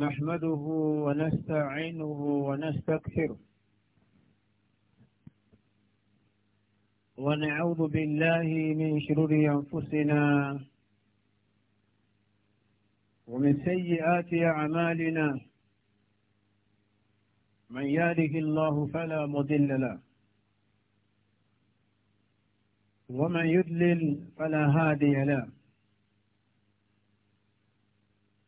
نحمده ونستعينه ونستكثره ونعوذ بالله من شرور أنفسنا ومن سيئات أعمالنا من يهده الله فلا مضل له ومن يضلل فلا هادي له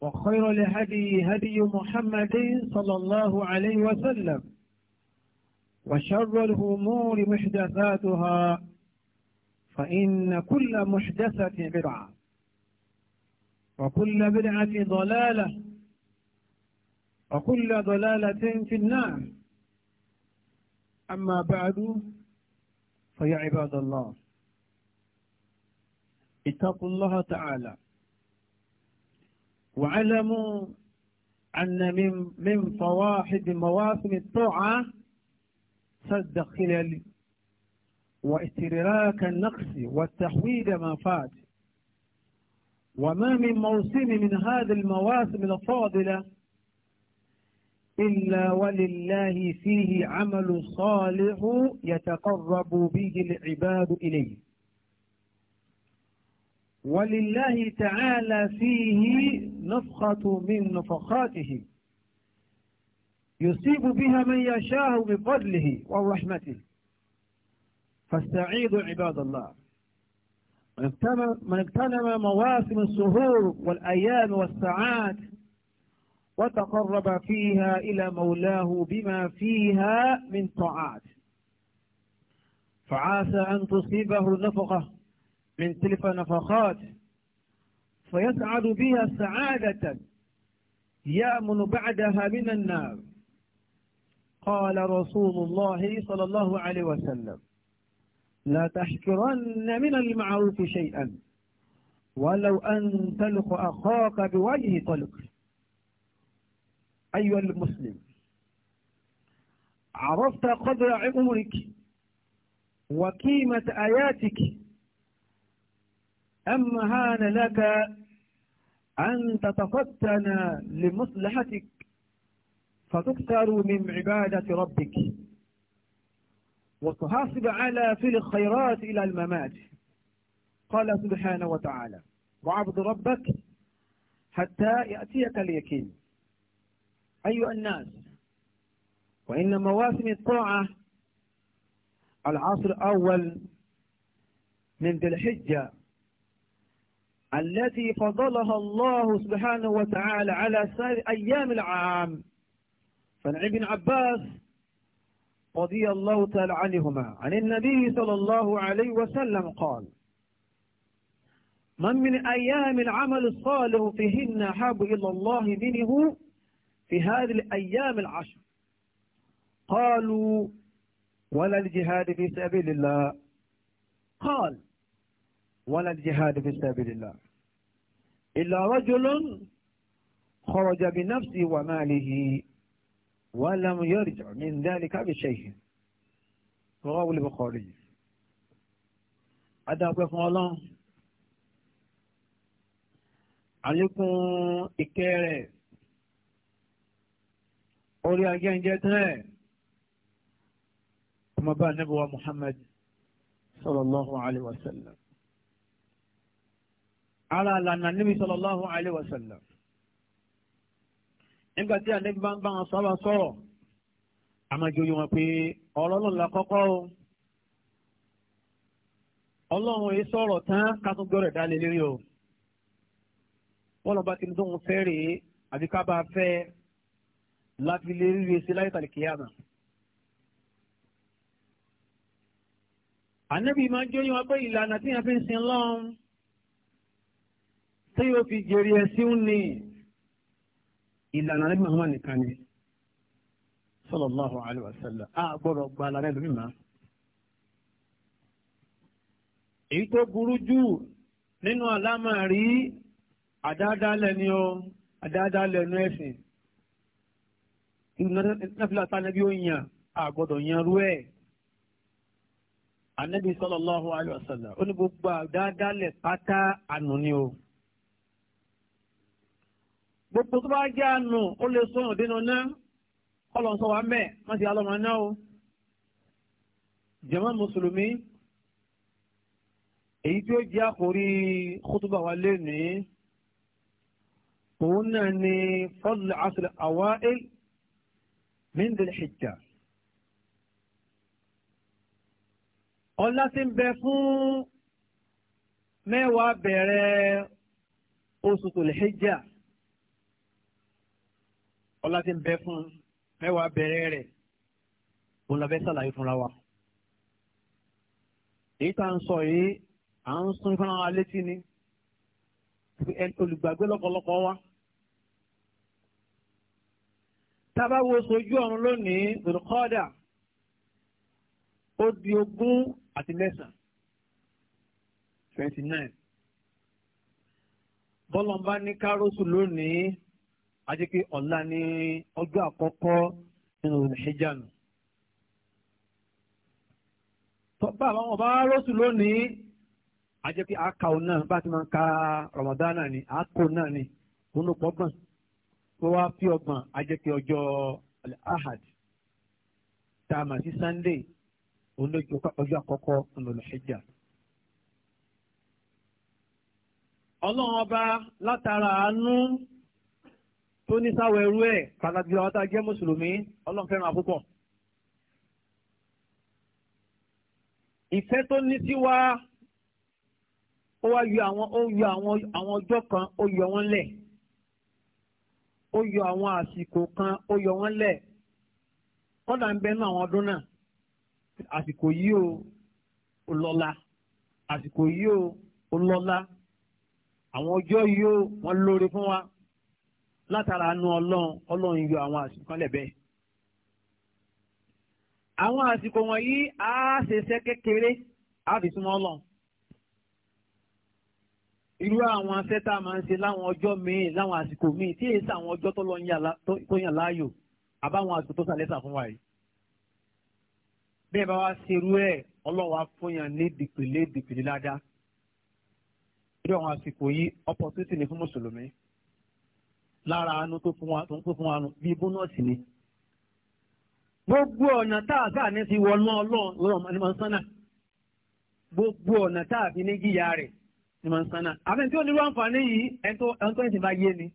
وخير لهدي هدي محمد صلى الله عليه وسلم وشر الهمور محدثاتها فإن كل محدثة برعة وكل برعة ضلالة وكل ضلالة في النار أما بعد فيا عباد الله اتقوا الله تعالى وعلموا أن من من فواحد مواسم الطاعة سد خلل واستدراك النقص والتحويل ما فات وما من موسم من هذه المواسم الفاضلة إلا ولله فيه عمل صالح يتقرب به العباد إليه ولله تعالى فيه نفخة من نفخاته يصيب بها من يشاء بفضله ورحمته فاستعيذوا عباد الله من اغتنم مواسم السهور والأيام والساعات وتقرب فيها إلى مولاه بما فيها من طاعات فعاسى أن تصيبه نفقه من تلك نفخات فيسعد بها سعادة يأمن بعدها من النار قال رسول الله صلى الله عليه وسلم لا تحكرن من المعروف شيئا ولو أن تلق أخاك بوجه طلق أيها المسلم عرفت قدر عمرك وقيمة آياتك أما هان لك أن تتفتن لمصلحتك فتكثر من عبادة ربك وتحاسب على في الخيرات إلى الممات قال سبحانه وتعالى وعبد ربك حتى يأتيك اليقين أيها الناس وإن مواسم الطاعة العصر الأول من ذي الحجة التي فضلها الله سبحانه وتعالى على سائر أيام العام فعن ابن عباس رضي الله تعالى عنهما عن النبي صلى الله عليه وسلم قال من من أيام العمل الصالح فيهن أحب إلى الله منه في هذه الأيام العشر قالوا ولا الجهاد في سبيل الله قال ولا الجهاد في سبيل الله illa rajulun kharaja bi nafsi wa malihi wa lam yarji' min dhalika bi shay'in rawahu al-Bukhari adáwọ̀pẹ́ fún ọlọ́run àlékún ìkẹ́ rẹ̀ orí agẹ́ǹjẹ́ tán ẹ̀ ọmọba anábíwá Muhammad sallallahu alayhi wa sallam ara àlànà níbi sallallahu alaihi wasallam nígbà tí ànábì bá ń bá wọn sọ́wọ́ sọ̀rọ̀ àmàjòyè wọn pé ọ̀rọ̀ ọlọ́run la kọ́kọ́ o ọlọ́run yìí sọ̀rọ̀ tán ká tún gbọ́dọ̀ dálé lérí o wọ́n lọ́ba tí mo tóun fẹ́ rèé àbí ká bá fẹ́ láti lè rí rèé sí láyé tàlìkìyàmà. ànábì máa ń jóyè wọn pé ìlànà tí wọn fi ń sin lọ́run tí yóò fi jèrè ẹ̀sìn ní ìlànà Ànábì Muhammad nìkan ni sallallahu alayhi wa sallam a gbọ́dọ̀ gba alárẹ lómi ma. èyí tó burú jù nínú àlámà rí àdáadáa lẹni ọ àdáadáa lẹnu ẹ̀sìn nàfìlà tánàbí ó yàn a gbọ́dọ̀ yan rú ẹ anabi sallallahu alayhi ó ní gbogbo àdáadáa lẹ pátá ànú ni o gbogbo tó bá jẹ́ àánú ó lè sọ̀rọ̀ dénú náà kọ́lọ̀ sọ wa mẹ́ẹ̀ má ti alọ́ máa ná o. jàmá mùsùlùmí èyí tí ó jẹ́ àkórí kótóbà wa lénìí òun náà ni fadl asr awa'il min dhil hijja. ọlá ti ń bẹ fún mẹ́wàá bẹ̀rẹ̀ oṣù tó lè hijja ọlá tí ń bẹ fún mẹ́wàá bẹ̀rẹ̀ rẹ̀ òun la fẹ́ sàlàyé fúnra wa. èyí tá à ń sọ yìí à ń sún fúnra wa létí ni olùgbàgbé lọ́pọ̀lọpọ̀ wa. tábà wo sojú ọ̀run lónìí olùkọ́dà ó di ogún àti mẹ́sàn-án twenty nine. bọ́lọ̀ ń bá ní kárọ́sù lónìí. àti pé ọ̀la ní ọjọ́ àkọ́kọ́ nínú ìṣẹ́jánu. àwọn ọba rọ́ọ̀sù lónìí àti pé àkàwọ̀ náà bá ti máa ń ka Ramadan náà ni àkó náà ni wọ́n wá fi ọgbọ̀n àti ọjọ́ ahad tá a mà sí ọba látara àánú. tó ní sáwọ ẹrú ẹ̀ pàtàkì àwọn tá a jẹ́ mùsùlùmí ọlọ́run fẹ́ràn àkókò. ìfẹ́ tó ní sí wa ó wá yọ àwọn ó yọ àwọn àwọn ọjọ́ kan ó yọ wọ́n lẹ̀ ó yọ àwọn àsìkò kan ó yọ wọ́n lẹ̀ kọ́dà ń bẹnu àwọn ọdún náà àsìkò yìí ó lọ́lá àsìkò yìí ó lọ́lá àwọn ọjọ́ yìí ó wọ́n lóore fún wa látara nu ọlọ́run ọlọ́run yọ àwọn àsìkò kan lẹ́bẹ̀ẹ́. àwọn àsìkò wọ̀nyí á ṣeṣẹ́ kékeré á fi súnmọ́ ọlọ́run. irú àwọn asẹ́tà máa ń ṣe láwọn ọjọ́ míì láwọn àsìkò míì tí èyí sàwọn ọjọ́ tó lọ yàn láàyò àbáwọn àsìkò tó sàlẹ̀ sà fún wa yìí. bẹ́ẹ̀ bá wá ṣerú ẹ̀ ọlọ́wà fún yàn ní dìpìlẹ̀ dìpìlẹ̀ ládàá. irú àwọn àsìkò yìí opportunity ni fún mùsùlùmí lára àánú tó fún wa tó fún wa nù bí bónọ́ọ̀sì ni. gbogbo ọ̀nà tá a sáà ní fi wọnú ọlọ́run lọ́rọ̀ ni mo ń sánà gbogbo ọ̀nà tá a fi ní jìyà rẹ̀ ni mo ń sánà. àfẹ́ni tí ó nílò àǹfààní yìí ẹni tó ẹ̀sìn bá yé ni.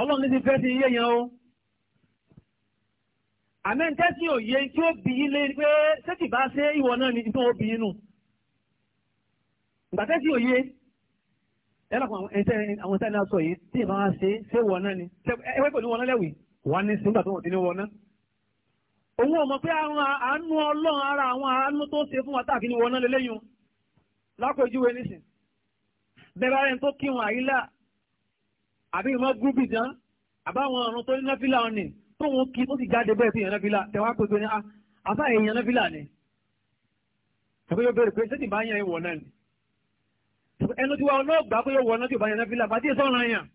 ọlọ́run ní ti fẹ́ sí iye yẹn o. àmẹ́ni tẹ́sí òye tí ó bì í lé pé sẹ́tì bá ṣe ìwọ náà ni tó bí inú. ìgbà tẹ́sí òye ẹ̀rọ àwọn táyà náà sọ yìí tí ìbá wọn ṣe ṣé wọ̀ náà ni ẹgbẹ́ pẹ̀lú wọn lẹ́wì wọn ní sígbà tó wọ́n ti ní wọn náà. òun ò mọ̀ pé àwọn àánú ọlọ́run ara àwọn àánú tó ṣe fún wa táàkì ní wọn náà lélẹ́yìn lápèjúwe nísìn bẹ́ẹ̀ bá rẹ̀ tó kí wọn àyílà àbí ìmọ̀ gúrúbì jàn àbáwọn ọ̀run tó ní náfìlà ọ̀nì tóun kí tó sì jáde bẹ́ẹ̀ sí ìyànnáfìlà tẹ̀wá pé pé ní ah, àṣà ìyànnáfìlà ni. tàbí yóò bẹ̀rẹ̀ pé ṣé tì bá yẹn ìwọ̀ náà ni ẹnu tí wọn náà gbà pé yóò wọ ọ̀nà tí ò bá yan náfìlà bàtí èso ọ̀ràn yàn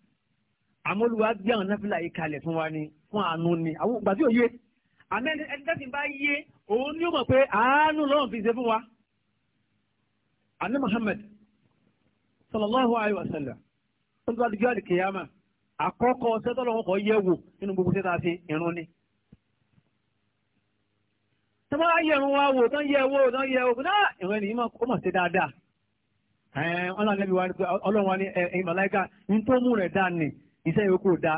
àmọ́ olùwà gbé àwọn náfìlà yìí kalẹ̀ fún wa ni fún àánú ni àwọn ìgbà tí ò yé àmọ́ ẹni tẹ́sí bá yé òun ni ó mọ̀ pé àánú lọ́wọ́ fi ṣe fún wa. àní Muhammad sallallahu alayhi wa sallam ó ti wá di gbáàdì kìyàmà àkọ́kọ́ sẹ́tọ́lọ́kọ́ yẹ wò nínú gbogbo sẹ́tà sí irun ni tọ́mọ́ ayẹ̀rún wa wò tán yẹ wò tán yẹ wò náà ìwọ̀n ènìyàn kọ́ mọ̀ sí dáadáa ọlọ́nẹ́bí wa ọlọ́run wa ní ẹ̀yin màláìka ní tó mú rẹ̀ dáa ni iṣẹ́ yòókù da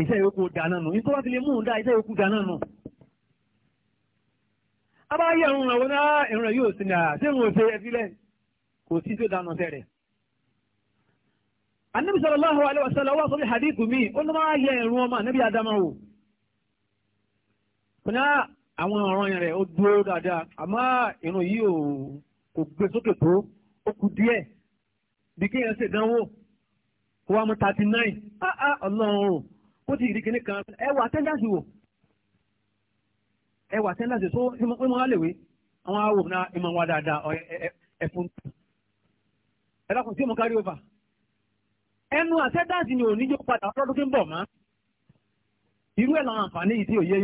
iṣẹ́ yòókù da náà nù ní tó bá ti lè mú un da iṣẹ́ yòókù da náà nù. abáyé ẹ̀rùn náà rẹ̀ yóò àá ẹ̀fílẹ̀ kò sí tó dáná anabi adama kò bí kí yẹn ṣèdánwò kó wá mú thirty nine ah ah ọlọ́run o kó ti ìdí kìíní kan ẹ wà attendance wò ẹ wà attendance tó ẹ mọ àlèwé àwọn awò náà ẹ mọ dáadáa ọ ẹ fún ẹ dákun sí mo carry over ẹnu attendance ni ò ní yóò padà ọlọ́dún tó ń bọ̀ mọ́ irú ẹ̀ làwọn àǹfààní yìí tí ò yẹ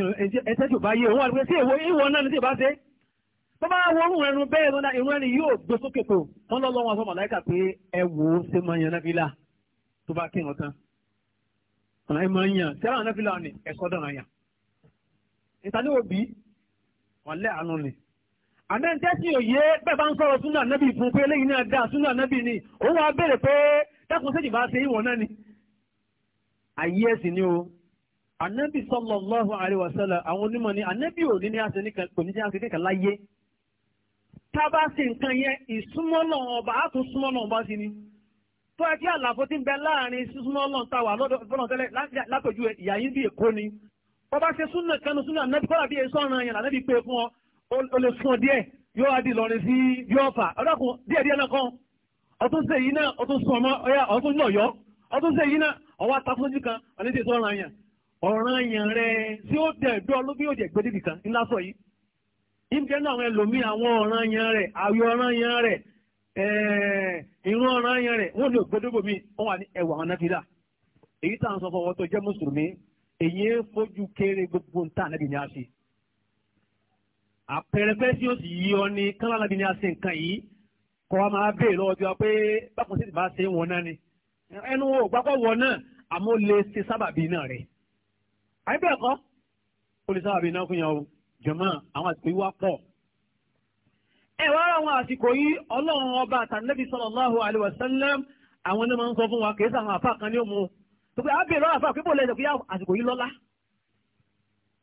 ẹ̀ńtẹ́jù bá yé òun àti pé sí èwo ìwọ náà ni tí ì bá ṣe é. tó ahụ wọrùn ẹnu bẹ́ẹ̀ lọ́nà irú ẹni yóò gbé sókè tó wọ́n lọ́ lọ́wọ́ sọ màláìkà pé ẹ wò ṣe máa yan náfìlà tó bá kírun tán ọ̀nà ẹ máa yan sẹ́wọ̀n náfìlà ni ẹ̀kọ́ dọ̀nà yàn ìtàlẹ́ òbí wọ́n lẹ́ àánú ni bẹ́ẹ̀ bá ń sọ̀rọ̀ fún pé ni òun wá pé dákun anabi sọlọ àwọn tábà sí nǹkan yẹn ìsúnmọ́ náà ọba á tún súnmọ́ náà ọba sí ni tó ẹ kí àlàfo ti ń bẹ láàrin sísúnmọ́ náà táwà lọ́dọ̀ fọlọ́n tẹ́lẹ̀ látọ̀jú ẹ ìyá yín bí èkó ni ọba ṣe súnà kanu súnà nẹ́bí kọ́lá bí èso ọ̀ràn yẹn lànàbí pé fún ọ o lè fún ọ díẹ̀ yóò wá di Ìlọrin sí yọ̀ọ̀fà ọlọ́kùn díẹ̀ díẹ̀ náà kan ọtún ṣe yìí náà ọtún sún ọmọ ọyá ọtún náà yọ ọtún ṣe yìí náà ọwọ́ atakúnjú kan ọ̀nà ìṣèṣọ́ ọ̀ràn yẹn ọ̀ràn yẹn ìbíkẹ́ náà àwọn ẹlòmí àwọn ọ̀ràn yẹn rẹ̀ àwẹ̀ ọ̀ràn yẹn rẹ̀ ìrún ọ̀ràn yẹn rẹ̀ wọ́n lè gbódógbò mi wọ́n wà ní ẹ̀wà àwọn anáfíìlà èyí tá à sọ fọwọ́ tó jẹ́ mùsùlùmí èyí ń fojú kéré gbogbo ń tà nábì ní a ṣe àpẹrẹpẹ tí ó sì yí ọ ní kánlá nábì ní a ṣe nǹkan yìí kọ́ wa máa bèè lọ́wọ́ bí wa pé bákan sì ti bá ṣe wọn náà ni ẹnu wo gbàgbọ́ wọn náà àmọ́ lè ṣe sábàbí náà rẹ̀ àyíbẹ̀ ẹ̀kọ́ ó lè sábàbí náà fún yàn o jọ̀mọ́ àwọn àsìkò yìí wá pọ̀. ẹ wá ra àwọn àsìkò yìí ọlọ́run ọba àtàlẹ́bí sallallahu alaihi wasallam àwọn ẹni máa ń sọ fún wa kì í sàwọn àfa kan ní òmu tó pé àbẹ̀ lọ́wọ́ àfa pípò lẹ́sẹ̀ pé àsìkò yìí lọ́lá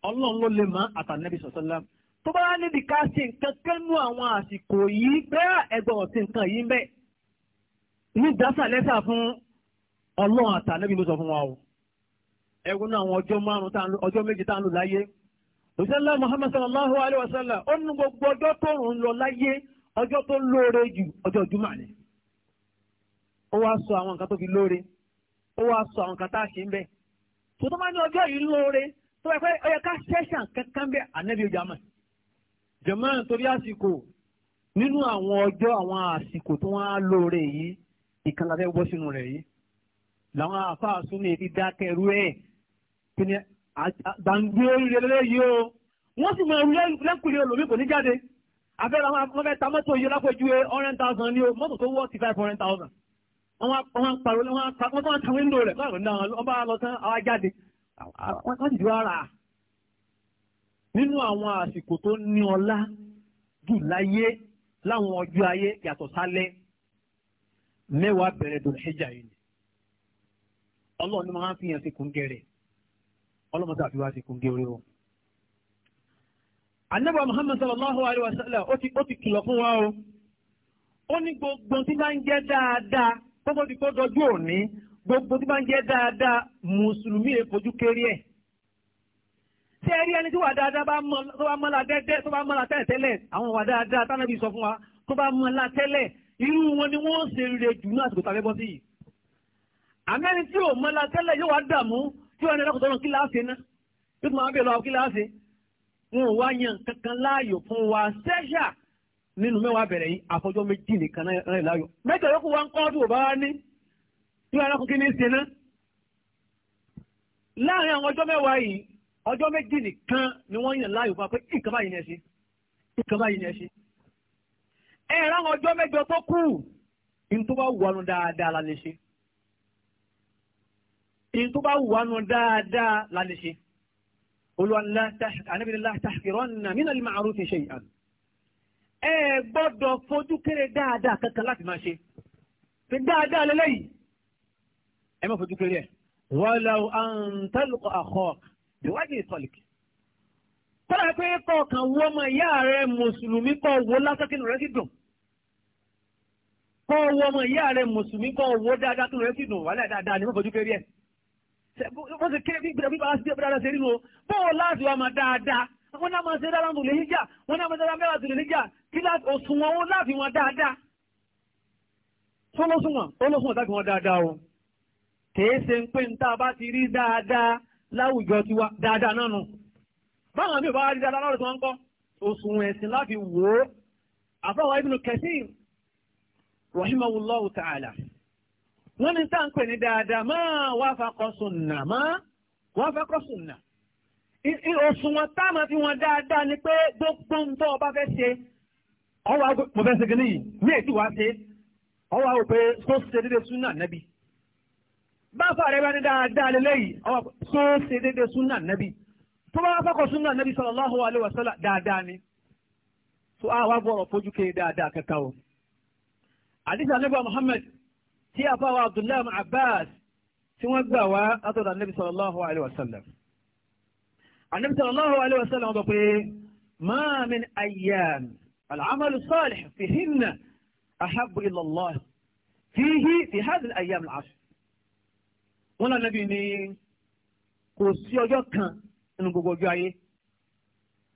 ọlọ́run ló lè má àtàlẹ́bí sallallahu tó bá níbi ká ṣe nǹkan kẹ́nu àwọn àsìkò yìí bẹ́ẹ̀ ẹgbọ́n ọ̀sìn nǹkan yìí mẹ́ ní ìdásà lẹ́sà fún ọlọ́run àtàlẹ́bí ló sọ fún wa o ẹ̀rù náà àwọn ọjọ́ márùn-ún ọjọ́ méje tá à ń lò láyé òṣèlú muhammad sallallahu alayhi wa sallam ó ní gbogbo ọjọ́ tó ń lọ láyé ọjọ́ tó lóore jù ọjọ́ jùmọ̀ ni ó wá sọ àwọn nǹkan tó fi lóore ó wá sọ àwọn nǹkan tá a ṣe ń bẹ tó tó máa ní ọjọ́ yìí lóore tó yẹ pé kankan bẹ ọjà mọ̀ jọ̀mọ́ torí àsìkò nínú àwọn ọjọ́ àwọn àsìkò tó wọ́n á lóore yìí ìkan la fẹ́ sínú rẹ̀ yìí làwọn gbàngbé oríire lélẹ́yìí o wọ́n sì mọ lẹ́kùnrin olómi kò ní jáde abẹ́rẹ́ wọn fẹ́ ta mọ́tò yìí lápẹ́jú ẹ ọ̀rẹ́ thousand ní o mọ́tò tó wọ́ ti five hundred thousand wọ́n parọ́ wọ́n ta wíńdò rẹ̀ báwọn náà wọ́n bá lọ tán àwa jáde wọ́n ti dúró ara nínú àwọn àsìkò tó ní ọlá jù láyé láwọn ọjọ́ ayé yàtọ̀ sálẹ̀ mẹ́wàá bẹ̀rẹ̀ dòlẹ́jà yìí ni ọlọ́run ni wọ́n á fi hàn sí kúngẹ̀rẹ̀ ọlọ́mọdé àfi wá ti kún gé orí wọn. Ànábì Muhammad sallallahu alayhi wa sallam ó ti ó ti kìlọ̀ fún wa o. Ó ní gbogbo tí bá ń jẹ́ dáadáa gbogbo tí kò dọjú òní gbogbo tí bá ń jẹ́ dáadáa mùsùlùmí lè fojú kéré ẹ̀. Ṣé ẹ rí ẹni tí wà dáadáa bá mọ tó bá mọ́lá dẹ́dẹ́ tó bá mọ́lá tẹ́lẹ̀ tẹ́lẹ̀ àwọn wà dáadáa tánàbí sọ fún wa tó bá mọ́lá tẹ́lẹ̀ irú wọn ni wọ́n ṣe rere jù náà àsìkò tàbí bọ́ sí yìí. Àmẹ́ni tí ò mọ́lá tẹ́lẹ̀ yóò wá dààmú tí wọ́n ní ọlọ́kùnrin náà kíláàsì ná bí wọ́n máa lọ kíláàsì wọn wá yan kankan láàyò fún wa ṣẹ́ṣà nínú mẹ́wàá bẹ̀rẹ̀ yìí àfọjọ́ méjì nìkan náà láàyò mẹ́jọ yòókù wa ń kọ́ ọdún òbá wa ní tí wọ́n ọlọ́kùnrin ní ṣe ná. láàrin àwọn ọjọ́ mẹ́wàá yìí ọjọ́ méjì nìkan ni wọ́n yàn láàyò fún wa pé ìkàbá yìí ni ẹ ṣe ìkàbá yìí ni ẹ ṣe. ẹ̀rọ àwọn ọjọ́ mẹ́jọ tó kù ní tó bá wọnú dáadáa la lè ṣe èyí tó bá wùwá nu dáadáa la lè ṣe olùwàlá anábìlélá tàkìrọ̀ nàmínà lè máa rúfin ṣe ìhàn ẹ gbọ́dọ̀ fojú kéré dáadáa kankan láti máa ṣe fi dáadáa lélẹ́yìí ẹ má fojú kéré ẹ̀ wọ́lọ́ àǹtálùkọ̀ àkọ́ ìwádìí ìtọ́lìkì kọ́lá pé kọ̀ọ̀kan wo ọmọ ìyá rẹ̀ mùsùlùmí kọ́ wo lásán kí rẹ̀ sì dùn kọ́ ọmọ ìyá rẹ̀ mùsùlùmí kọ́ wo dáadáa kí rẹ̀ sì dùn wàhálà dáadáa ni wọ́n fojú kéré ẹ̀ wọ́n ṣe kéré bí gbẹ̀rẹ̀ bí bá ṣe bí dára ṣe rí nu o bọ́ọ̀ láti wá máa dáadáa wọ́n náà máa ṣe dára tó lè níjà wọ́n náà máa ṣe dára mẹ́wàá tó lè níjà kí òṣùwọ̀n wọn láti wọn dáadáa tó lọ́sùnwọ̀n ó lọ́sùnwọ̀n láti wọn dáadáa o kèé ṣe ń pè ń tá a bá ti rí dáadáa láwùjọ tiwa dáadáa náà nù báwọn àmì ìbára rí dáadáa láwùjọ tí wọ́n ń kọ́ òṣùwọ̀n ẹ̀sìn láti wò ó àfọwọ́ ibùdó kẹsìn wọ́n ní sáà ní dáadáa máa wá fakọ sùnà máa wá fakọ òṣùwọ̀n fi wọn dáadáa ni pé gbogbo ń tọ́ ọba fẹ́ ṣe ọwọ́ àgbẹ̀ mo fẹ́ ṣe kìíní yìí ní ètí wàá ṣe ọwọ́ àgbẹ̀ pé tó ṣe dédé súnà nẹ́bí báfà rẹ bá ní dáadáa lélẹ́yìí ọwọ́ ṣe dédé tó bá sallallahu alaihi wasallam ni tí àfáwà abdullahi abbas tí wọ́n gbà wá látọ̀dọ̀ anabi sallallahu alayhi wa sallam anabi sallallahu alayhi wa sallam sọ pé ma min ayyam al'amalu salih fi hinna ahabu ilallah fihi fi hadhi al-ayyam al-ashr wọn lọ anabi ni kò sí ọjọ́ kan nínú gbogbo ọjọ́ ayé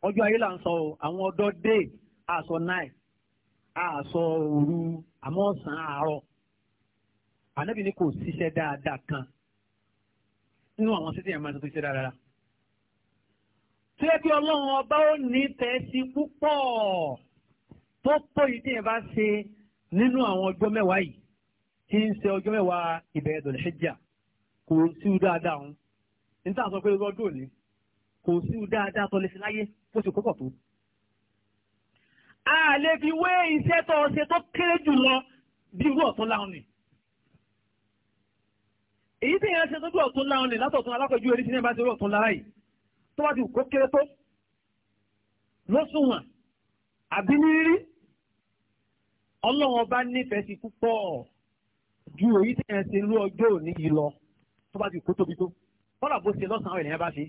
ọjọ́ ayé là ń sọ àwọn ọdọ dé àsọ náì àsọ òru àmọ́ ọ̀sán àárọ̀ ànábì ni kò ṣiṣẹ́ dáadáa kan nínú àwọn ṣẹ́tì yẹn máa ń tó ṣiṣẹ́ dáadáa. Tílẹ́bí ọlọ́run ọba ó ní tẹ̀sí púpọ̀ tó tó yìí tí yẹn bá ṣe nínú àwọn ọjọ́ mẹ́wàá yìí tí ń ṣe ọjọ́ mẹ́wàá ìbẹ̀rẹ̀ dọ̀lẹ́ ṣẹ́jà kò síwú dáadáa òun. Níta sọ pé lọ́dún òní kò síwú dáadáa tọ́lẹ̀ sí láyé bó ṣe kókò tó. A lè fi wé iṣẹ́ tó ṣe tó kéré jù lọ bí irú ọ̀tún láwọn nìyí èyí tí yẹn ṣe tó bí ọ̀tún láwọn lè látọ̀tún alákọ̀jú eré sinimá ti rí ọ̀tún lára yìí tó bá ti kó kéré tó lóṣùwọ̀n àbí ní rí ọlọ́run ọba nífẹ̀ẹ́ sí púpọ̀ ju èyí tí yẹn ṣe lú ọjọ́ òní yìí lọ tó bá ti kó tóbi tó kọ́là bó ṣe lọ́sàn-án ènìyàn bá ṣe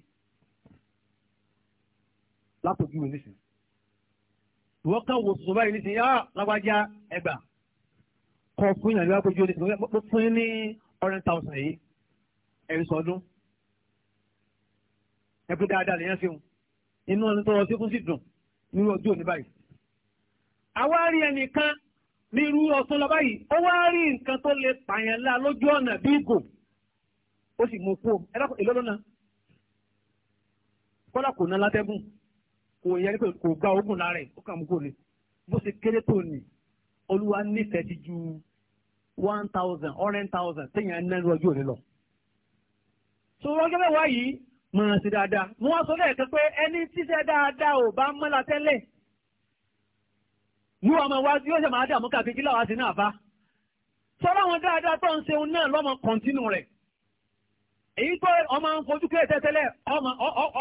látọ̀jú eré sinimá wọ́n kàn wò sùn báyìí nísìnyí ah lágbájá ẹgbà kọ̀ fún yàrá ìwà àpèjọ nísìnyí mo fún yín ní ọ̀rẹ́ 1000 yìí ẹ̀ ń sọdún ẹ pé dáadáa lèèyàn ṣeun inú ọdún tó wọ́n síkún sí dùn nínú ọdún òní báyìí. àwa rí ẹnìkan ní irú ọ̀sán lọ báyìí ó wá rí nǹkan tó lè pààyàn lá lójú ọ̀nà bí ìgò ó sì mú kú ẹ dákun èló lọ́nà kọ́lá kò ná látẹ́gùn kò yẹ kó gba ogun lára ẹ̀ ó kà mú kó ni bó ṣe kéré tó ni olúwa nífẹ̀ẹ́ ti ju one thousand or ten thousand téèyàn ń ná lójú òní lọ tó rọ́jọ́ mẹ́wàá yìí máa ṣe dáadáa mo wá sọ lẹ́ẹ̀kan pé ẹni tíṣẹ́ dáadáa ò bá mọ́la tẹ́lẹ̀ ní ọmọ wa yóò ṣe máa dààmú kàbí kí láwa sí náà bá sọ́dọ̀ àwọn dáadáa tó ń ṣe òun náà lọ́mọ kọ̀ǹtínú rẹ̀ èyí tó ọmọ ń fojú kéré tẹ́tẹ́lẹ̀ ọmọ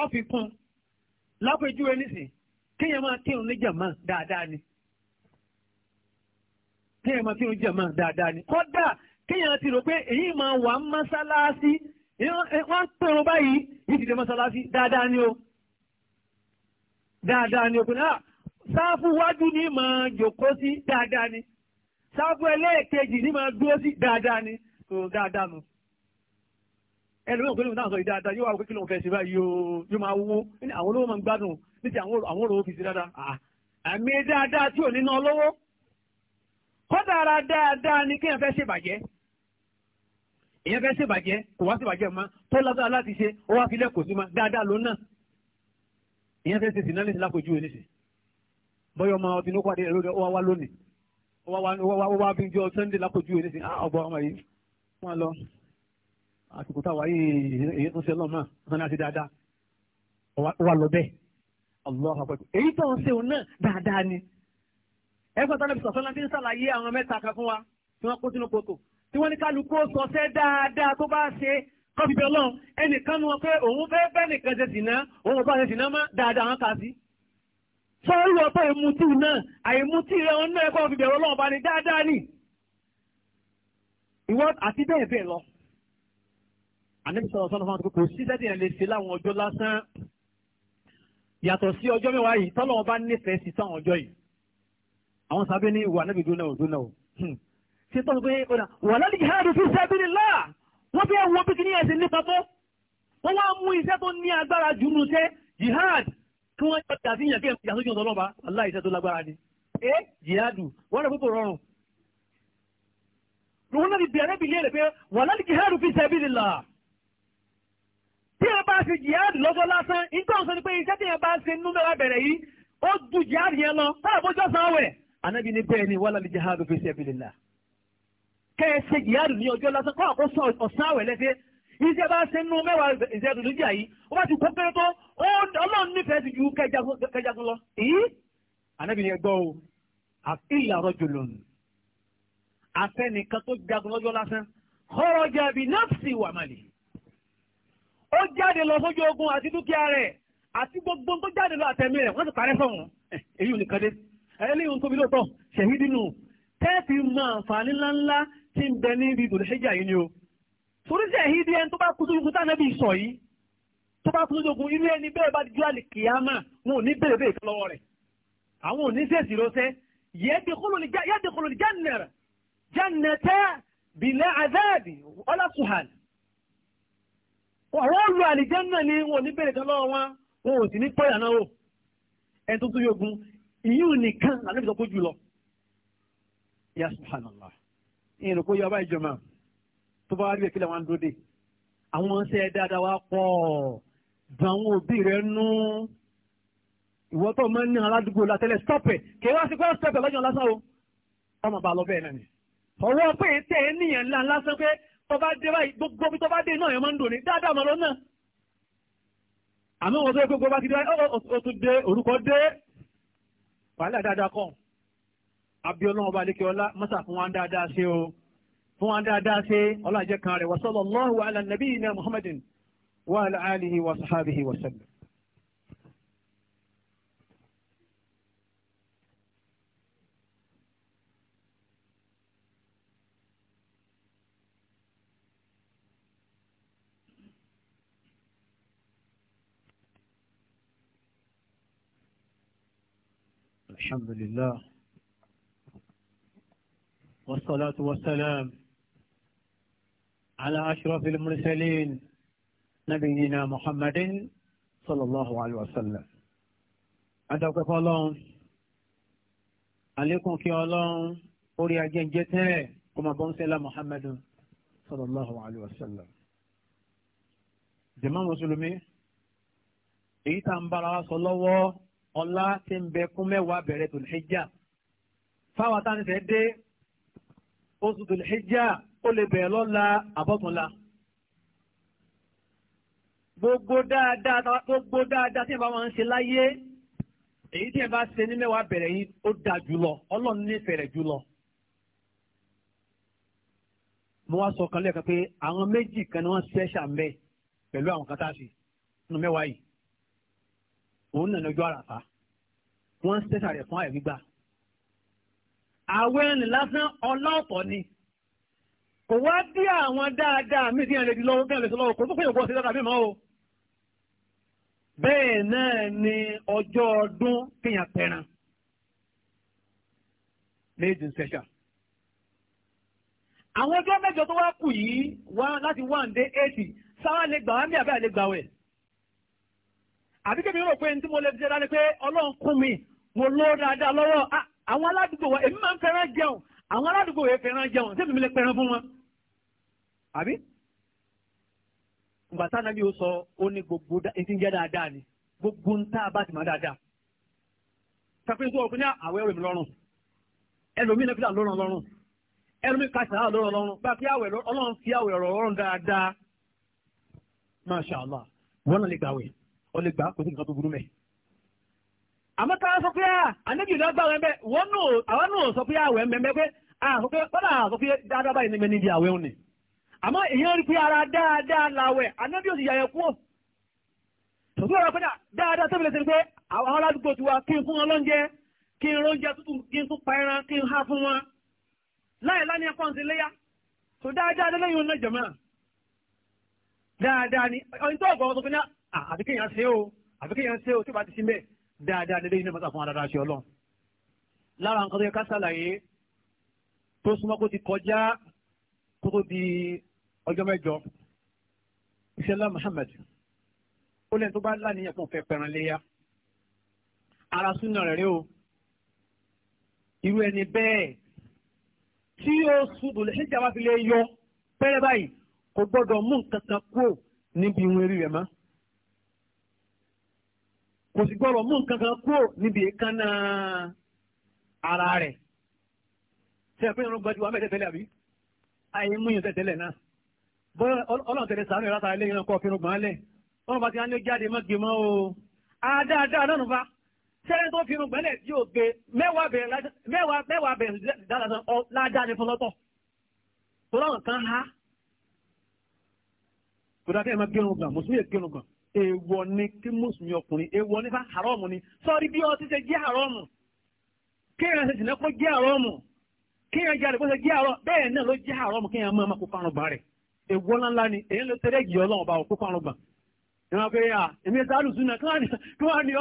ọ̀fi kún lápẹjúwe nísìn kéèyàn máa kírun ní jàmá dáadáa ni kéèyàn máa kírun jàmá dáadáa ni kódà kéèyàn ti rò pé èyí máa wà mọ́sálásí wọ́n pẹ̀rún báyìí ìdìde mọ́sálásí dáadáa ni o dáadáa ni o pẹ̀lú ah, sáfù wájú ní máa jòkó sí dáadáa ni sáfù ẹlẹ́ẹ̀kejì ní máa dúró sí dáadáa ni tó dáadáa nù ẹlòmíràn òkèlè náà sọ ìdáadáa yóò wá òkèlè òun fẹ́ sí báyìí yóò máa wó ní àwọn olówó máa ń gbádùn ní ti àwọn olówó fi sí dáadáa àmì dáadáa tí ò ní ná lówó kọ́dára dáadáa ni kéèyàn fẹ́ ṣèbàjẹ́ èèyàn fẹ́ ṣèbàjẹ́ kò wá ṣèbàjẹ́ ma tó lágbára láti ṣe ó wá filẹ̀ kò sí ma dáadáa ló náà èèyàn fẹ́ ṣe sí náà lẹ́sìn lápòjú ẹ̀ níṣẹ́ bọ́yọ̀ ọmọ ọtí ló pàdé ẹ̀rọ rẹ̀ ó wá wá lónìí ó wá bí jọ Sunday lápòjú ẹ̀ níṣẹ́ ah, ọgbà ọmọ yìí wọ́n lọ àsìkò táwa yìí èyí tó ń ṣe lọ́mọ wọn náà ṣe dáadáa ó wá lọ bẹ́ẹ̀ Allah àpẹẹrẹ èyí tó ń ṣe òun náà dáadáa ni ẹ̀fọ́ tánàbí sọ̀tọ́ tí wọ́n ní kálukú sọ sẹ́ dáadáa tó bá ṣe kọ́bí bẹ́ẹ̀ lọ́n ẹnìkan nu wọn pé òun fẹ́ bẹ́ẹ̀ nìkan ṣe sì ná òun ò bá ṣe sì ná mọ́ dáadáa wọn kà sí. sọ́ọ́rù ọ̀pọ̀ ìmutí náà àìmutí rẹ̀ wọn náà ẹ̀kọ́ fi bẹ̀rù ọlọ́run bá ní dáadáa nì. ìwọ àti bẹ́ẹ̀ bẹ́ẹ̀ lọ. àníbi sọ̀rọ̀ sọ́nà fún wa kò sí sẹ́tì yẹn lè ṣe láwọn ọjọ́ lásán. yàtọ̀ sí ọjọ́ mẹ́wàá yìí tọ́lọ́wọ́n bá nífẹ̀ẹ́ sí sáwọn ọjọ́ yìí. àwọn sábẹ́ ní ìwà ṣe tọ́sọ pé ọ̀nà wà lálẹ́ jihadu fi sabilillah wọ́n fẹ́ wọ́n pínpín ní ẹ̀sìn nípa tó wọ́n wá mú iṣẹ́ tó ní agbára jù nù tẹ́ jihad kí wọ́n yọ ìdásí yàn kí ẹ̀yà ọ̀dọ́ lọ́ba aláì iṣẹ́ tó lágbára ni ẹ jihadu wọ́n rẹ̀ púpọ̀ rọrùn. wọ́n náà ti bẹ̀rẹ̀ bí léèrè pé wà lálẹ́ jihadu fi sabilillah tí ẹ bá ṣe jihad lọ́gọ́ lásán nítorí sọ ni pé iṣẹ́ tí ẹ bá ṣe kẹ́ẹ̀ṣe jihadu ní ọjọ́ lásán kọ́ àkóso ọ̀sán àwẹ̀ lẹ́sẹ̀ iṣẹ́ bá ṣe nú mẹ́wàá ìṣẹ́dù níjà yìí ó bá ti kó péré tó ọlọ́run nífẹ̀ẹ́ sí ju kẹjagun lọ. èyí ànábì ni o àfihàn rọ́jò lónìí afẹ́nìkan tó jagun lọ́jọ́ lásán ọ̀rọ̀ jàbí nafsi wà màlì. ó jáde lọ sójú ogun àti dúkìá rẹ̀ àti gbogbo tó jáde lọ àtẹ̀mí rẹ̀ wọ́n ti parẹ́ sọ̀rọ̀ eh, èyí ò ní kadé ẹlẹ́yìn tóbi lóòótọ́ ṣèhídínú tẹ́ẹ̀tì máa fà ní ńláńlá tí ń bẹ ní ibi ìdòlẹ́sẹ̀jà yìí ni o torí sí ẹ̀hìn díẹ̀ tó bá kú sójú tá náà bí sọ yìí tó bá kú sójú ogun irú ẹni bẹ́ẹ̀ bá ju àlè kìámà wọn ò ní bèrè bèrè kan lọ́wọ́ rẹ̀ àwọn ò ní sèṣì rọ́ṣẹ́ yẹ́dẹ̀kọ́lù jẹ́nẹ̀rẹ̀ jẹ́nẹ̀tẹ́ bìlẹ̀ àzáàbì ọlásùhàn ọ̀rọ̀ lu àlìjẹ́nà ni wọn ò ní bèrè kan lọ́wọ́ wọn ò sì ní pọ́yà náà ẹni tó tún yógun ìyún nìkan àlẹ́ ìrìn kó yọba ìjọba tó bá wá rí ìkílẹ̀ wọn dúró dé àwọn ṣe dáadáa wá pọ̀ dùn àwọn òbí rẹ nú ìwọ tó máa ń ní aládùúgbò látẹlẹ stop it kì í wá sí pé lásán o ọmọ bá lọ bẹ́ẹ̀ náà ni ọwọ́ pé tẹ̀ ẹ́ níyàn ńlá lásán pé tọba dé báyìí gbogbo bí tọba dé náà yẹn máa ń dùn dáadáa mọ̀ lọ́nà àmọ́ wọn tó yẹ gbogbo bá ti dé báyìí ó tún dé orúkọ dé wàhálà dáadáa kọ́ abiyọlọ́wọ́ bá lékè ọlá mọ́sà fún wa dáadáa ṣe o fún wa dáadáa ṣe ọlọ́jẹ́ kan rẹ̀ wa sallallahu ala nabiyyina muhammadin wa ala alihi wa sahabihi wa sallam. الحمد لله والصلاة والسلام على أشرف المرسلين نبينا محمد صلى الله عليه وسلم أدوك فالون عليكم كي الله أوري أجين جته كما بنسلا محمد صلى الله عليه وسلم جماعة مسلمين èyí tá ń الله wa sọ lọ́wọ́ ọlá tí ń oṣù tó lè hijá ó lè bẹ̀rẹ̀ lọ́la àbọ̀túnla. gbogbo dáadáa gbogbo dáadáa tí ẹ bá wọn ń ṣe láyé èyí tí ẹ bá ṣe ní mẹ́wàá bẹ̀rẹ̀ yìí ó dáa jùlọ ọlọ́run nífẹ̀ẹ́ rẹ̀ jùlọ. mo wá sọ kan lẹ́ẹ̀kan pé àwọn méjì kan ni wọ́n ṣẹ́ ṣàmẹ́ pẹ̀lú àwọn kan tá a ṣe nínú mẹ́wàá yìí òun nàní ọjọ́ àràfà wọ́n ṣẹ́ṣà rẹ̀ fún àyè gbígbà àwẹ̀ ẹni lásán ọlá ọ̀tọ̀ ni kò wá dí àwọn dáadáa mí ìdíyàn lè di lọ́wọ́ bẹ́ẹ̀ lè sọ lọ́wọ́ kò tó pé òkú ọ̀sẹ̀ dáadáa bí mọ́ o bẹ́ẹ̀ náà ni ọjọ́ ọdún kéèyàn pẹran méjì ṣẹṣà àwọn ọjọ́ mẹ́jọ tó wá kù yìí wá láti one day eighty sáwá lè gbà wá mí àbẹ́ àlè gbà wẹ̀ àbíkẹ́mi rò pé ní tí mo lè fi dáadáa pé ọlọ́run kún mi mo lọ dáadáa lọ́wọ́ ah àwọn aládùúgbò wa èmi máa ń fẹ́ràn jẹun àwọn aládùúgbò yẹn fẹ́ràn jẹun sẹ́mi mi lè pẹ́ran fún wọn. àbí ìgbà táwọn ẹbí yóò sọ ó ní gbogbo etí ń jẹ́ dáadáa ni gbogbo ń tá a bá ti máa dáadáa. sàfihàn tó ọkùnrin àwẹ̀ rẹ̀ mi lọ́rùn ẹlòmíì náà fi lọ́rùn lọ́rùn ẹlòmíì kàṣà lọ́rùn lọ́rùn bá fi àwẹ̀ ọlọ́run fi àwẹ̀ ọ̀rọ̀ ọ̀rùn dáadáa. Masha Allah wọn náà lè gbàwẹ̀ ọ lè gbà kò àmọ́ ká sọ pé ànábì ìlú agbára ẹ̀mẹ́ wọ́n nù àwọn nù sọ pé àwẹ̀ ẹ̀mẹ́ pé àsọ pé kọ́dà sọ pé dáadáa báyìí ní mẹ́ni di àwẹ̀ òní àmọ́ èyàn rí pé ara dáadáa làwẹ̀ ànábì òsì yàyẹ̀ kúrò tòbí ọ̀rọ̀ pé dáadáa tó fi lè ṣe pé àwọn aládùúgbò tiwa kí n fún wọn lóúnjẹ kí n róúnjẹ tútù kí n tún pa ẹran kí n há fún wọn láì lánìí ẹ̀kọ́ ti léyà tó dáadáa lẹ́yìn ọ̀nà jọ̀mọ́ dáadáa ni ọ̀yìn tó ọ̀gọ̀ ọ̀sọ̀ pé ní àbíkéyàn ṣe o àbíkéyàn ṣe o tí ó bá ti ṣe bẹ́ẹ̀ dáadáa lélẹ́yìn náà mọ́ta fún ara aṣọ ọlọ́run lára nǹkan tó yẹ ká ṣàlàyé tó súnmọ́ kó ti kọjá kó tó di ọjọ́ mẹ́jọ ìṣẹ́lá Muhammad ó lẹ́nu tó bá láníyàn fún òfẹ́ pẹ̀ràn léyà ara súnà rẹ̀ rí o irú ẹni bẹ́ẹ̀ tí ó ṣubú lẹ́sẹ̀ jáwá fi lè yọ pẹ́rẹ́ báyìí kò gbọ́dọ̀ mú nǹkan kan kúrò níbi ìwọ̀n eré rẹ̀ mọ́ kò sì gbọ́dọ̀ mú nǹkan kan kúrò níbi èékánná ara rẹ̀ ṣe pé irun gbajú wa mẹ́tẹ̀ tẹ́lẹ̀ àbí àyè mú yín tẹ́tẹ́lẹ̀ náà bọ́ ọlọ́run tẹ̀lé sàánú ìrátà ilé yẹn kọ́ fínú gbọ́n wọ́n bá ti á ní jáde má gbé mọ́ o àdáadáa lọ́nu fa sẹ́yìn tó fínú gbọ́n lẹ̀ tí ò gbé mẹ́wàá bẹ̀rẹ̀ dáadáa ládàá ní fún lọ́tọ̀ tó láwọn kan há kò dákẹ́ ẹ̀ má èèwọ̀ ni kí mùsùlùmí ọkùnrin èèwọ̀ nípa haramu ni sọ́ọ́rí bí ọtí ṣe jẹ́ haramu kéèyàn ṣe jìnnà kó jẹ́ haramu kéèyàn ṣe jẹ́ haramu bẹ́ẹ̀ náà ló jẹ́ haramu kéèyàn máa ma kó ńláńlá ni ló tẹ́lẹ̀ yìí bá gbà èmi sálù kí wọ́n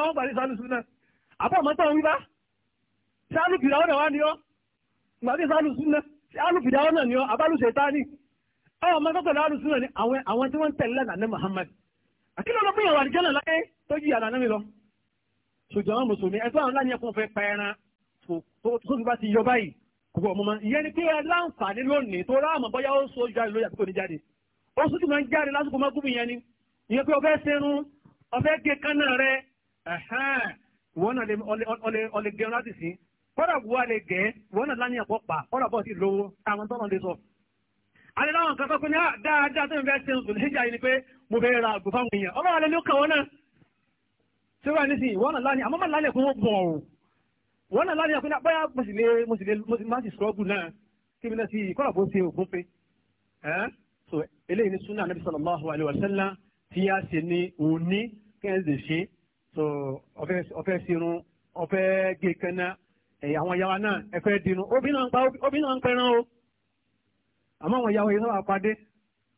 gbàdé sálù sálù ọ̀nà àkílọ̀ ló pín ìwà àdìjẹ́ náà láyé tó yí àlànà mi lọ. ṣùgbọ́n àwọn mùsùlùmí ẹgbẹ́ àwọn láàyè kún fẹ́ pa ẹran tó fi bá ti yọ báyìí kò bọ̀ ọmọ ìyẹn ni pé láǹfààní lónìí tó ráàmù bọ́yá ó so jáde lóyè àti kò ní jáde ó sún ti máa ń jáde lásìkò máa gúnmi yẹn ni ìyẹn pé ọfẹ́ sẹ́run ọfẹ́ gé kánà rẹ ìwọ náà ọlẹ gẹrun láti sìn kọ́dà wọ́n àdíláwọn kan tọ́kún ní ah, dáadáa tó ń fẹ́ ṣe ń sùn níjà yìí ni pé mo fẹ́ ra àgbò fáwọn èèyàn ọmọ àlẹ́ ló kàn wọ́n náà tí ó wà ní sìn wọ́n náà lánìí àmọ́ máa lánìí ẹ̀kún wọ́n bọ̀ ọ́ wọ́n náà lánìí ẹ̀kún náà bóyá mo sì lè mo sì lè mo sì má sì sọ́ọ̀bù náà kí mi náà sì kọ́lá bó ṣe ògún pé so eléyìí ni sunna anabi sallallahu alayhi wa sallam tí a ṣe ní òní kẹ́hìndé ṣe so ọ̀fẹ́ sínú ọ̀fẹ́ gé kanna ẹ̀yà àwọn yàrá náà ẹ̀fẹ́ dínú obìnrin náà ń pẹ́ràn o. àmọ́ àwọn ìyàwó yẹn náà wà padé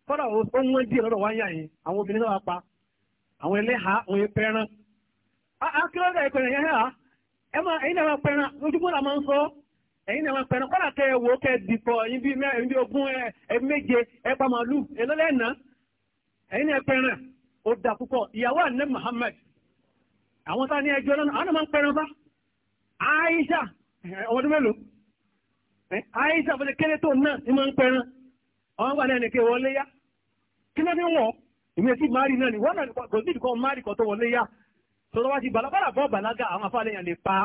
kọ́dà ó wọ́n díẹ̀ lọ́dọ̀ wáyà yẹn àwọn obìnrin náà pa àwọn ẹlẹ́hà àwọn ẹpẹran akérèdà ẹpẹran yẹn hà ẹ máa ẹ̀yin náà máa pẹran ojúmọ́ la máa ń sọ ẹ̀yin náà máa pẹran kọ́dà ẹ wò dìpọ̀ ẹ̀yin bíi mẹ́rin bíi ogún ẹ méje ẹ àìsà eh? fún kéré tó náà ní máa ń pẹran àwọn wà náà ní kí wọlé yá kí náà ní wọ̀ ìwé sí mari náà ni wọ́n náà kò sí ìdíkọ́ mari kan tó wọlé yá sọ̀rọ̀ wá sí balabala bọ́ balaga àwọn afáàlẹ̀ yẹn lè pa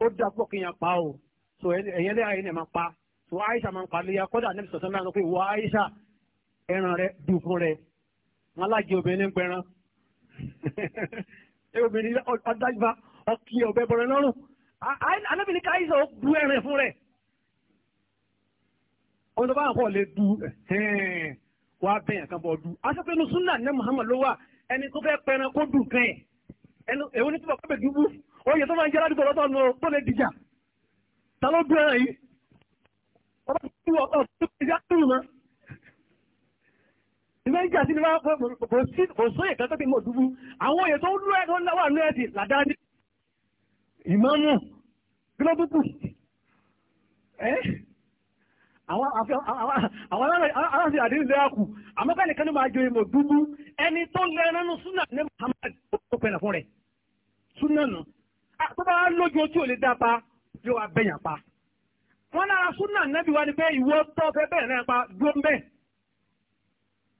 ó dá pọ̀ kí yẹn pa o so ẹ̀yẹn lẹ́yà yẹn máa pa so àìsà máa ń pa léyà kọ́dà ní sọ̀tún náà pé wọ àìsà ẹran rẹ dùn fún rẹ wọn alájẹ obìnrin pẹran obìnrin ọdájú bá ọkì ọbẹ bọ̀rẹ̀ lọ́rùn alábìnrin káyísà ó bu ẹran fún rẹ̀ ọ̀nà bá àpọ̀ lè du wà á bẹ̀yàn kan bọ̀ du. aṣọ́pẹ́nu súnà ní Muhammad ló wà ẹni tó fẹ́ pẹran kó dùn kan ẹ̀ èwo ní tí bàbá bẹ̀ O oyè tó máa ń jẹ́ ládùúgbò lọ́tọ̀ nù tó lè dìjà ta ló dún ẹran yìí ọba tó dùn ọ̀tọ̀ tó lè já dùn mọ́. ìgbà ìjà sí ni wọ́n kò sóyè kan tó fi mọ̀ dúbú àwọn oyè tó lú ẹ̀ tó wà nú ẹ̀ dì làdáni ìmọ̀ọ́mù kí ló dúkù ẹ́ àwọn aláṣẹ àdín lẹ́àkù àmọ́kànlẹ̀ kan ní máa jọ ìmọ̀ dúdú ẹni tó lẹ́rẹ́ nínú súnà ní Muhammad tó pẹ̀lẹ̀ fún rẹ̀ súnà nù tó bá lójú tí ò lè dá pa yóò wá bẹ̀yàn pa wọ́n lára súnà nẹ́bí wa ni pé ìwọ tó fẹ́ bẹ̀rẹ̀ náà pa dúró ń bẹ̀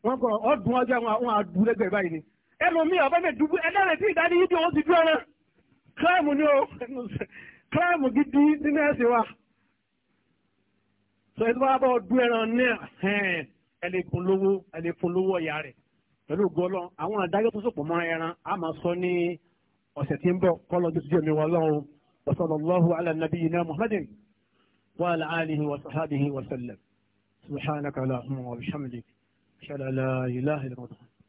wọ́n kọ ọdún ọjọ́ àwọn àdúrẹ́gbẹ̀ báyìí ni ẹnu mi ọ̀bẹ́ mi dúdú ẹlẹ́rẹ̀ tí ìdání yìí di òun ti dúró náà kíláàmù ni ó kíláàmù gidi nínú ẹ̀sìn wa sọ ẹni tó bá bọ̀ dú ẹran náà hẹ́n ẹ lè fún lówó ẹ lè fún lówó ọ̀yà rẹ̀ pẹ̀lú gọlọ́ àwọn àdájọ́ tó sọ̀pọ̀ mọ́ ẹran a máa sọ ní ọ̀sẹ̀ tí ń bọ̀ kọ́lọ́ tó ti jẹ́ mi wọ lọ́hùn wa sallallahu ala nabiyyina muhammadin wa ala alihi wa sahbihi wa sallam subhanaka wa bihamdik ashhadu an la ilaha illa anta